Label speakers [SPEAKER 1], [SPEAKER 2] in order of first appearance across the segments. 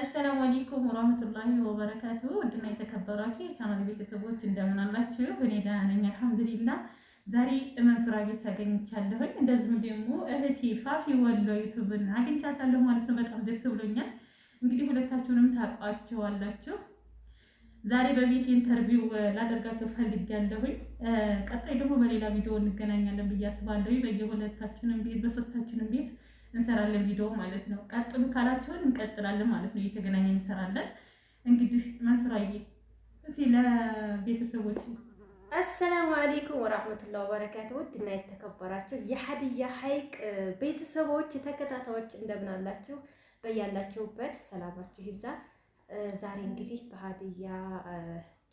[SPEAKER 1] አሰላሙ አለይኩም ወራህመቱላሂ ወበረካቱ። ውድና የተከበራችሁ የቻናል ቤተሰቦች እንደምን አላችሁ? እኔ ደህና ነኝ አልሐምዱሊላህ። ዛሬ መንሱራ ቤት አገኝቻለሁኝ። እንደዚሁም ደግሞ እህቴ ፋፊ ወሎ ዩቱብን አግኝቻታለሁ ማለት ነው። በጣም ደስ ብሎኛል። እንግዲህ ሁለታችሁንም ታውቋቸዋላችሁ። ዛሬ በቤት ኢንተርቪው ላደርጋቸው ፈልጌያለሁኝ። ቀጣይ ደግሞ በሌላ ቪዲዮ እንገናኛለን ብዬ አስባለሁኝ በየሁለታችንም ቤት በሶስታችንም ቤት እንሰራለን ቪዲዮ ማለት ነው። ቀጥሉ ካላቸውን እንቀጥላለን ማለት ነው። እየተገናኘ እንሰራለን። እንግዲህ መንስራዬ እስኪ ለቤተሰቦች
[SPEAKER 2] አሰላሙ አለይኩም ወራህመቱላሂ ወበረካቱ። ውድና የተከበራችሁ የሀዲያ ሀይቅ ቤተሰቦች ተከታታዮች እንደምን አላችሁ? በያላችሁበት ሰላማችሁ ይብዛ። ዛሬ እንግዲህ በሀዲያ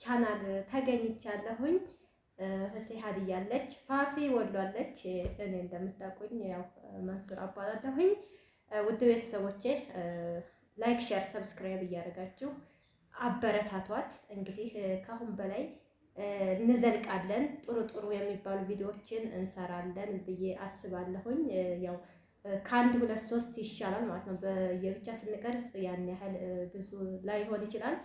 [SPEAKER 2] ቻናል ተገኝቻለሁኝ። እህቴ ሀዲያለች፣ ፋፊ ወሏለች። እኔ እንደምታውቁኝ ያው መንሱር አባላለሁኝ። ውድ ቤተሰቦቼ ላይክ፣ ሼር፣ ሰብስክራይብ እያደረጋችሁ አበረታቷት። እንግዲህ ከአሁን በላይ እንዘልቃለን። ጥሩ ጥሩ የሚባሉ ቪዲዮዎችን እንሰራለን ብዬ አስባለሁኝ። ያው ከአንድ ሁለት ሶስት ይሻላል ማለት ነው። በየብቻ ስንቀርጽ ያን ያህል ብዙ ላይሆን ይችላል።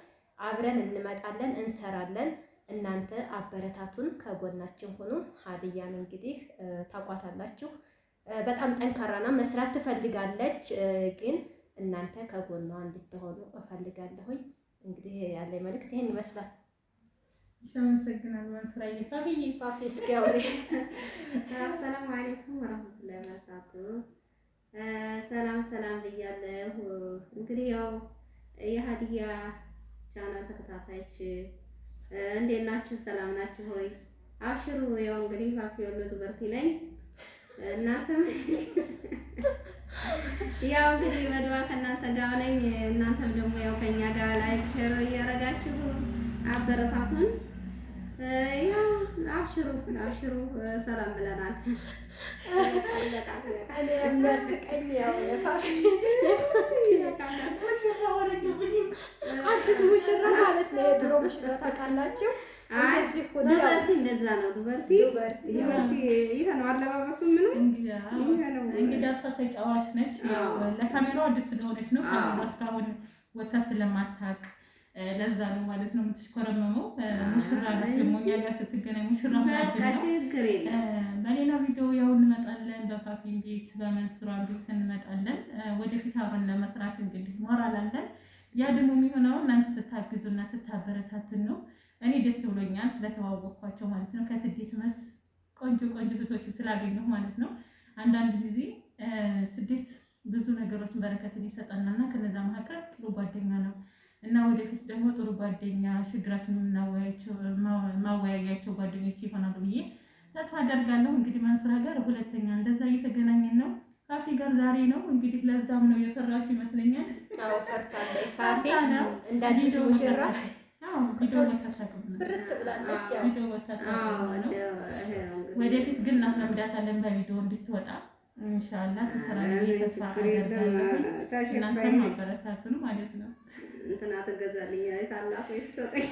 [SPEAKER 2] አብረን እንመጣለን፣ እንሰራለን እናንተ አበረታቱን፣ ከጎናችን ሁኑ። ሀዲያን እንግዲህ ታቋታላችሁ። በጣም ጠንካራና መስራት ትፈልጋለች፣ ግን እናንተ ከጎኗ እንድትሆኑ እፈልጋለሁኝ። እንግዲህ ያለ መልእክት ይህን ይመስላል።
[SPEAKER 1] አመሰግናለሁ። ስራዬ ፋፊ ፋፊ እስኪያወሪ።
[SPEAKER 2] አሰላሙ አለይኩም ወራህመቱላሂ ወበረካቱ። ሰላም ሰላም ብያለሁ። እንግዲህ ያው የሀዲያ ቻናል ተከታታዮች እንዴት ናችሁ? ሰላም ናችሁ ሆይ? አብሽሩ። ያው እንግዲህ ፋፊ ወሎ ትምህርት ነኝ። እናንተም ያው እንግዲህ በድዋ ከእናንተ ጋር ነኝ። እናንተም ደግሞ ያው ከኛ ጋር ላይ ሼር እያደረጋችሁ አበረታቱን። ያው አብሽሩ አብሽሩ፣ ሰላም ብለናል።
[SPEAKER 1] እኔ የሚያስቀኝ ያው ሙሽራ አዲስ ሙሽራ ማለት ነው። የድሮ ሙሽራ ታውቃላችሁ? እንደዚህ ሆነ
[SPEAKER 2] እንደዛ ነው። ዱበርቲ ዱበርቲ ይሄ ነው አለባበሱ።
[SPEAKER 1] እንግዲህ እሷ ተጫዋች ነች። ለካሜራው አዲስ ስለሆነች ነው ካሜራ እስካሁን ወታ ስለማታውቅ ለዛ ነው ማለት ነው የምትሽኮረመመው። ሙሽራ ደግሞ እኛ ጋር ስትገናኝ ሙሽራ በሌላ ቪዲዮ ያው እንመጣለን። በፋፊን ቤት በመንስሯን ቤት እንመጣለን። ወደፊት አብረን ለመስራት እንግዲህ ሞራል አለን። ያ ደግሞ የሚሆነው እናንተ ስታግዙና ስታበረታትን ነው። እኔ ደስ ብሎኛል ስለተዋወቅኳቸው ማለት ነው። ከስደት መስ ቆንጆ ቆንጆ እህቶችን ስላገኘሁ ማለት ነው። አንዳንድ ጊዜ ስደት ብዙ ነገሮችን በረከትን ይሰጠናልና ከነዛ መካከል ጥሩ ጓደኛ ነው እና ወደፊት ደግሞ ጥሩ ጓደኛ ችግራችን ማወያያቸው ጓደኞች ይሆናሉ ብዬ ተስፋ አደርጋለሁ። እንግዲህ ማንስራ ጋር ሁለተኛ እንደዛ እየተገናኘን ነው። ፋፊ ጋር ዛሬ ነው እንግዲህ ለዛም ነው የፈራችሁ ይመስለኛል። ወደፊት ግን እናስለምዳታለን በቪዲዮ እንድትወጣ ኢንሻላህ ተሰራ ተስፋ አደርጋለሁ። እናንተም ማበረታቱን ማለት ነው
[SPEAKER 2] እንትና ትገዛልኛለች ታላቁ የተሰጠኝ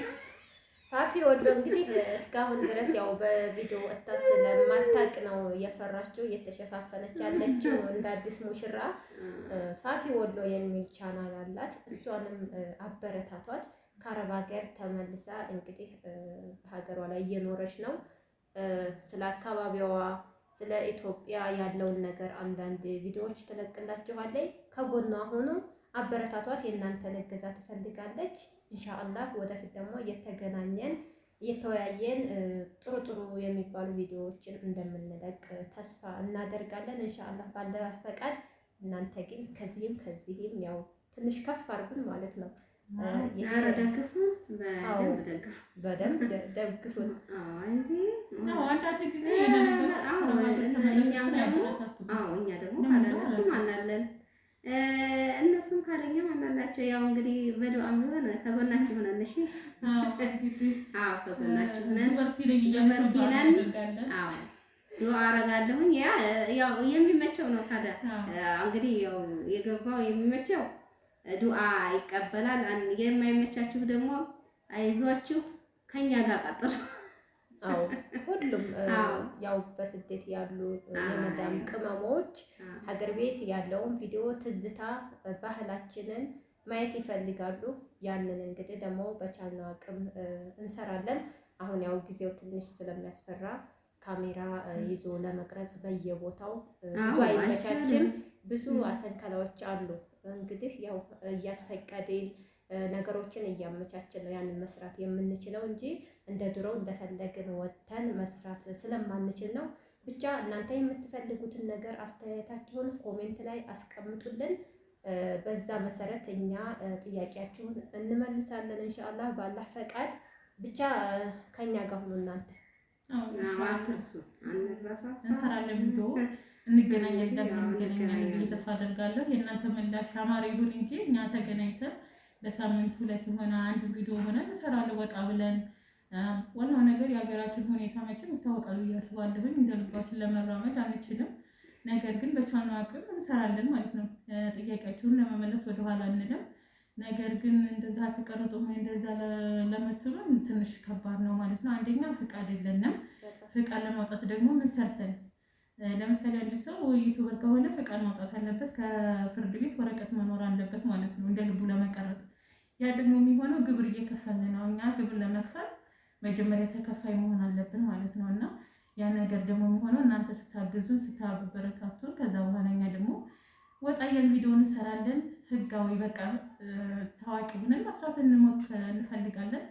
[SPEAKER 2] ፋፊ ወዶ እንግዲህ እስካሁን ድረስ ያው በቪዲዮ ወጥታ ስለማታውቅ ነው የፈራችው እየተሸፋፈነች ያለችው እንደ አዲስ ሙሽራ። ፋፊ ወዶ የሚል ቻናል አላት። እሷንም አበረታቷት። ከአረብ ሀገር ተመልሳ እንግዲህ በሀገሯ ላይ እየኖረች ነው። ስለ አካባቢዋ፣ ስለ ኢትዮጵያ ያለውን ነገር አንዳንድ ቪዲዮዎች ትለቅላችኋለች። ከጎኗ ሆኖ አበረታቷት። የእናንተን እገዛ ትፈልጋለች። እንሻአላህ ወደፊት ደግሞ እየተገናኘን እየተወያየን ጥሩ ጥሩ የሚባሉ ቪዲዮዎችን እንደምንለቅ ተስፋ እናደርጋለን። ኢንሻአላህ ባለ ፈቃድ። እናንተ ግን ከዚህም ከዚህም ያው ትንሽ ከፍ አድርጉን ማለት ነው። ደግፉ፣ በደንብ ደግፉ።
[SPEAKER 1] አንዳንድ ጊዜ
[SPEAKER 2] ያላቸው ያው እንግዲህ በዱዓም ቢሆን ከጎናችሁ ነን። እሺ አዎ፣ ከጎናችሁ ነን። አዎ ዱአ አረጋለሁኝ። ያ ያው የሚመቸው ነው። ታዲያ እንግዲህ ያው የገባው የሚመቸው ዱአ ይቀበላል። የማይመቻችሁ ደግሞ አይዟችሁ ከኛ ጋር ቀጥሉ። አዎ ሁሉም ያው በስደት ያሉ የመዳም ቅመሞች ሀገር ቤት ያለውን ቪዲዮ ትዝታ ባህላችንን ማየት ይፈልጋሉ። ያንን እንግዲህ ደግሞ በቻልነው አቅም እንሰራለን። አሁን ያው ጊዜው ትንሽ ስለሚያስፈራ ካሜራ ይዞ ለመቅረጽ በየቦታው ብዙ አይመቻችም። ብዙ አሰንከላዎች አሉ። እንግዲህ ያው እያስፈቀድን ነገሮችን እያመቻችን ነው ያንን መስራት የምንችለው እንጂ እንደ ድሮ እንደፈለግን ወጥተን መስራት ስለማንችል ነው። ብቻ እናንተ የምትፈልጉትን ነገር አስተያየታችሁን ኮሜንት ላይ አስቀምጡልን። በዛ መሰረት እኛ ጥያቄያችሁን እንመልሳለን። እንሻአላህ ባላህ ፈቃድ ብቻ ከኛ ጋር ሁኑ እናንተ
[SPEAKER 1] እንሰራለን ብሎ እንገናኛለን እንደምንገናኛለን ተስፋ አደርጋለሁ። የእናንተ ምላሽ አማር ይሁን እንጂ እኛ ተገናኝተን በሳምንት ሁለት የሆነ አንድ ቪዲዮ ሆነ እንሰራለን ወጣ ብለን። ዋናው ነገር የሀገራችን ሁኔታ መቼም ይታወቃል ብዬ አስባለሁኝ። እንደልባችን ለመራመድ አንችልም። ነገር ግን በቻልነው አቅም እንሰራለን ማለት ነው። ጥያቄያችሁን ለመመለስ ወደኋላ አንልም። ነገር ግን እንደዛ ተቀርጦ ወይ እንደዛ ለምትሉ ትንሽ ከባድ ነው ማለት ነው። አንደኛ ፍቃድ የለንም። ፍቃድ ለማውጣት ደግሞ ምን ሰርተን ለምሳሌ አንድ ሰው ዩቱበር ከሆነ ፍቃድ ማውጣት አለበት፣ ከፍርድ ቤት ወረቀት መኖር አለበት ማለት ነው፣ እንደ ልቡ ለመቀረጥ። ያ ደግሞ የሚሆነው ግብር እየከፈልን ነው። እኛ ግብር ለመክፈል መጀመሪያ ተከፋይ መሆን አለብን ማለት ነው እና ያ ነገር ደግሞ የሚሆነው እናንተ ስታግዙን ስታበረታቱን፣ ከዛ በኋላ እኛ ደግሞ ወጣ ያለ ቪዲዮ እንሰራለን። ህጋዊ በቃ ታዋቂ ሆነን መስራት እንፈልጋለን።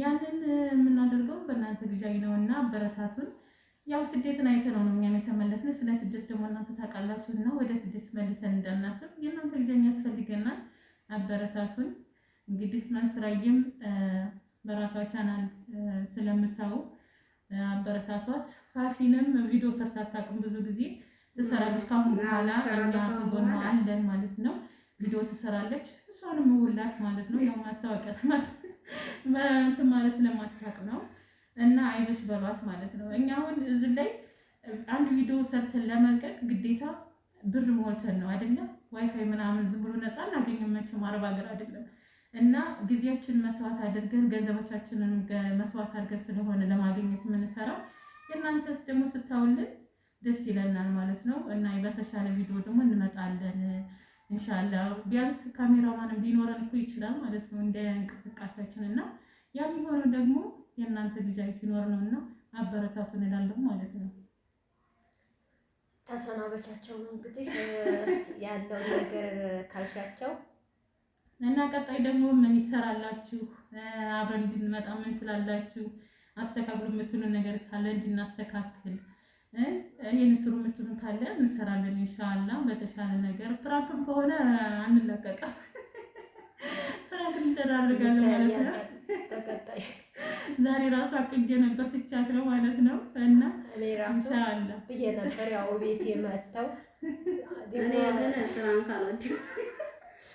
[SPEAKER 1] ያንን የምናደርገው በእናንተ ግዣኝ ነው እና አበረታቱን። ያው ስደትን አይተነው ነው እኛም የተመለስን። ስለ ስደት ደግሞ እናንተ ታውቃላችሁ እና ወደ ስደት መልሰን እንዳናስብ የእናንተ ግዣኝ ያስፈልገናል። አበረታቱን። እንግዲህ መንስራዬም በራሷ ቻናል ስለምታው አበረታቷት። ካፊንም ቪዲዮ ሰርታ አታውቅም። ብዙ ጊዜ ትሰራለች። ካሁን በኋላ እኛ ከጎኗ አለን ማለት ነው። ቪዲዮ ትሰራለች። እሷንም ውላት ማለት ነው። ያው ማስታወቂያ እንትን ማለት ስለማታውቅ ነው። እና አይዞሽ በሏት ማለት ነው። እኛ አሁን እዚህ ላይ አንድ ቪዲዮ ሰርተን ለመልቀቅ ግዴታ ብር ሞልተን ነው አይደለም። ዋይፋይ ምናምን ዝም ብሎ ነፃ እናገኝመችም። አረብ ሀገር አይደለም እና ጊዜያችን መስዋዕት አድርገን ገንዘቦቻችንን መስዋዕት አድርገን ስለሆነ ለማግኘት የምንሰራው የእናንተ ደግሞ ስታውልን ደስ ይለናል ማለት ነው። እና በተሻለ ቪዲዮ ደግሞ እንመጣለን እንሻላ። ቢያንስ ካሜራማንም ሊኖረን እኮ ይችላል ማለት ነው እንደ እንቅስቃሴያችን እና ያ የሆነው ደግሞ የእናንተ ልጃይ ሲኖር ነው እና አበረታቱ እንላለሁ ማለት ነው።
[SPEAKER 2] ተሰናበቻቸው እንግዲህ ያለው ነገር ካልሻቸው
[SPEAKER 1] እና ቀጣይ ደግሞ ምን ይሰራላችሁ አብረን እንድንመጣ ምን ትላላችሁ? አስተካክሉ የምትሉ ነገር ካለ እንድናስተካክል፣ ይህን ስሩ የምትሉ ካለ እንሰራለን። ንሻላ በተሻለ ነገር ፍራንክም ከሆነ አንለቀቅም፣ ፍራንክ እንደራርጋለን ማለት ነው። ዛሬ ራሱ አቅጀ ነበር ትቻት ነው ማለት ነው። እና
[SPEAKER 2] ኢንሻአላ ብዬ ነበር ያው ቤቴ መጥተው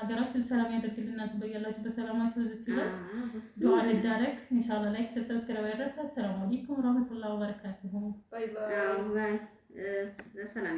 [SPEAKER 1] ሀገራችን ሰላም ያደርግልና በያላችሁ በሰላማችሁ ዝት ይበል። ዱዓ እንዳረግ ኢንሻአላህ። ላይክ ሼር፣ ሰብስክራይብ ያደረሰ። አሰላሙ አለይኩም ወራህመቱላሂ ወበረካቱሁ።
[SPEAKER 2] ባይ ባይ።